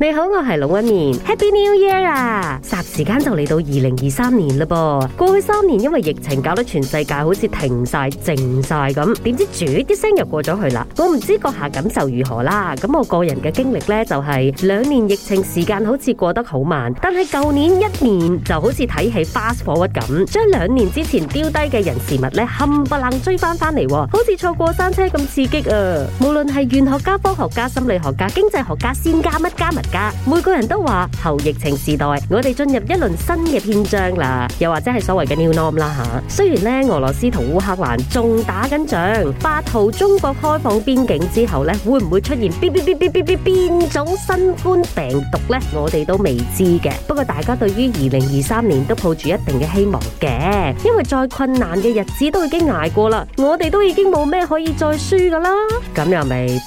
你好，我係龍紋敏，Happy New Year 啊！霎時間就嚟到二零二三年啦噃，過去三年因為疫情搞得全世界好似停晒、靜晒咁，點知轉一聲又過咗去啦。我唔知閣下感受如何啦，咁我個人嘅經歷咧就係、是、兩年疫情時間好似過得好慢，但係舊年一年就好似睇起 fast forward 咁，將兩年之前丟低嘅人事物咧冚唪唥追翻翻嚟，好似坐過山車咁刺激啊！無論係玄學家、科學家、心理學家、經濟學家，先加乜加乜。每個人都話後疫情時代，我哋進入一輪新嘅篇章啦，又或者係所謂嘅 new norm 啦吓。雖然呢，俄羅斯同烏克蘭仲打緊仗，八號中國開放邊境之後呢，會唔會出現邊邊種新冠病毒呢？我哋都未知嘅。不過大家對於二零二三年都抱住一定嘅希望嘅，因為再困難嘅日子都已經捱過啦，我哋都已經冇咩可以再輸噶啦。咁又未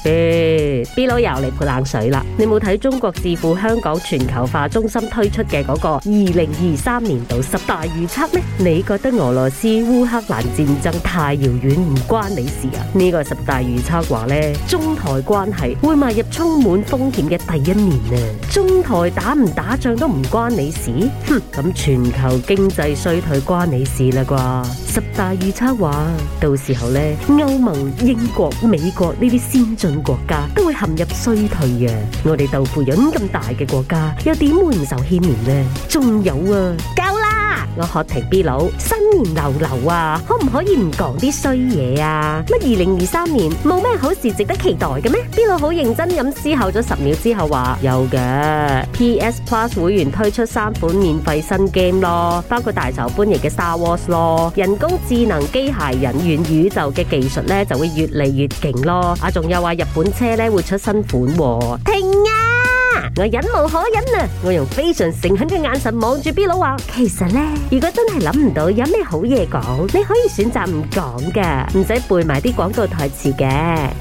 必，B 佬又嚟潑冷水啦。你冇睇中國？自負香港全球化中心推出嘅嗰個二零二三年度十大預測呢，你覺得俄羅斯烏克蘭戰爭太遙遠唔關你事啊？呢個十大預測話咧，中台關係會邁入充滿風險嘅第一年啊！中台打唔打仗都唔關你事，哼！咁全球經濟衰退關你事啦啩？十大預測話，到時候咧，歐盟、英國、美國呢啲先進國家都會陷入衰退啊！我哋豆腐人。咁大嘅國家又點會唔受牽連呢？仲有啊，夠啦了！我喝停 B 佬新年流流啊，可唔可以唔講啲衰嘢啊？乜二零二三年冇咩好事值得期待嘅咩？B 佬好認真咁思考咗十秒之後話有嘅的，PS Plus 會員推出三款免費新 game 咯，包括大受歡迎嘅 Star Wars 咯，人工智能、機械人、元宇宙嘅技術咧就會越嚟越勁咯。啊，仲有話日本車咧會出新款喎。停啊！我忍無可忍啊！我用非常誠懇嘅眼神望住 B 佬話：其實咧，如果真係諗唔到有咩好嘢講，你可以選擇唔講噶，唔使背埋啲廣告台詞嘅。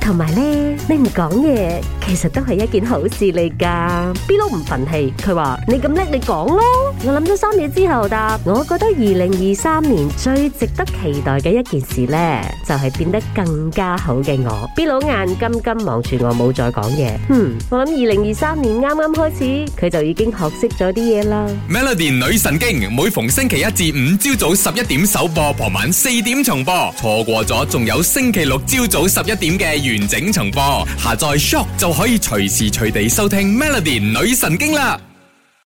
同埋咧，你唔講嘢，其實都係一件好事嚟噶。B 佬唔忿氣，佢話：你咁叻，你講咯。我諗咗三秒之後答：我覺得二零二三年最值得期待嘅一件事咧，就係變得更加好嘅我。B 佬眼金金望住我，冇再講嘢。嗯，我諗二零二三年。啱啱開始，佢就已經學識咗啲嘢啦。Melody 女神經每逢星期一至五朝早十一點首播，傍晚四點重播。錯過咗，仲有星期六朝早十一點嘅完整重播。下載 Shock 就可以隨時隨地收聽 Melody 女神經啦。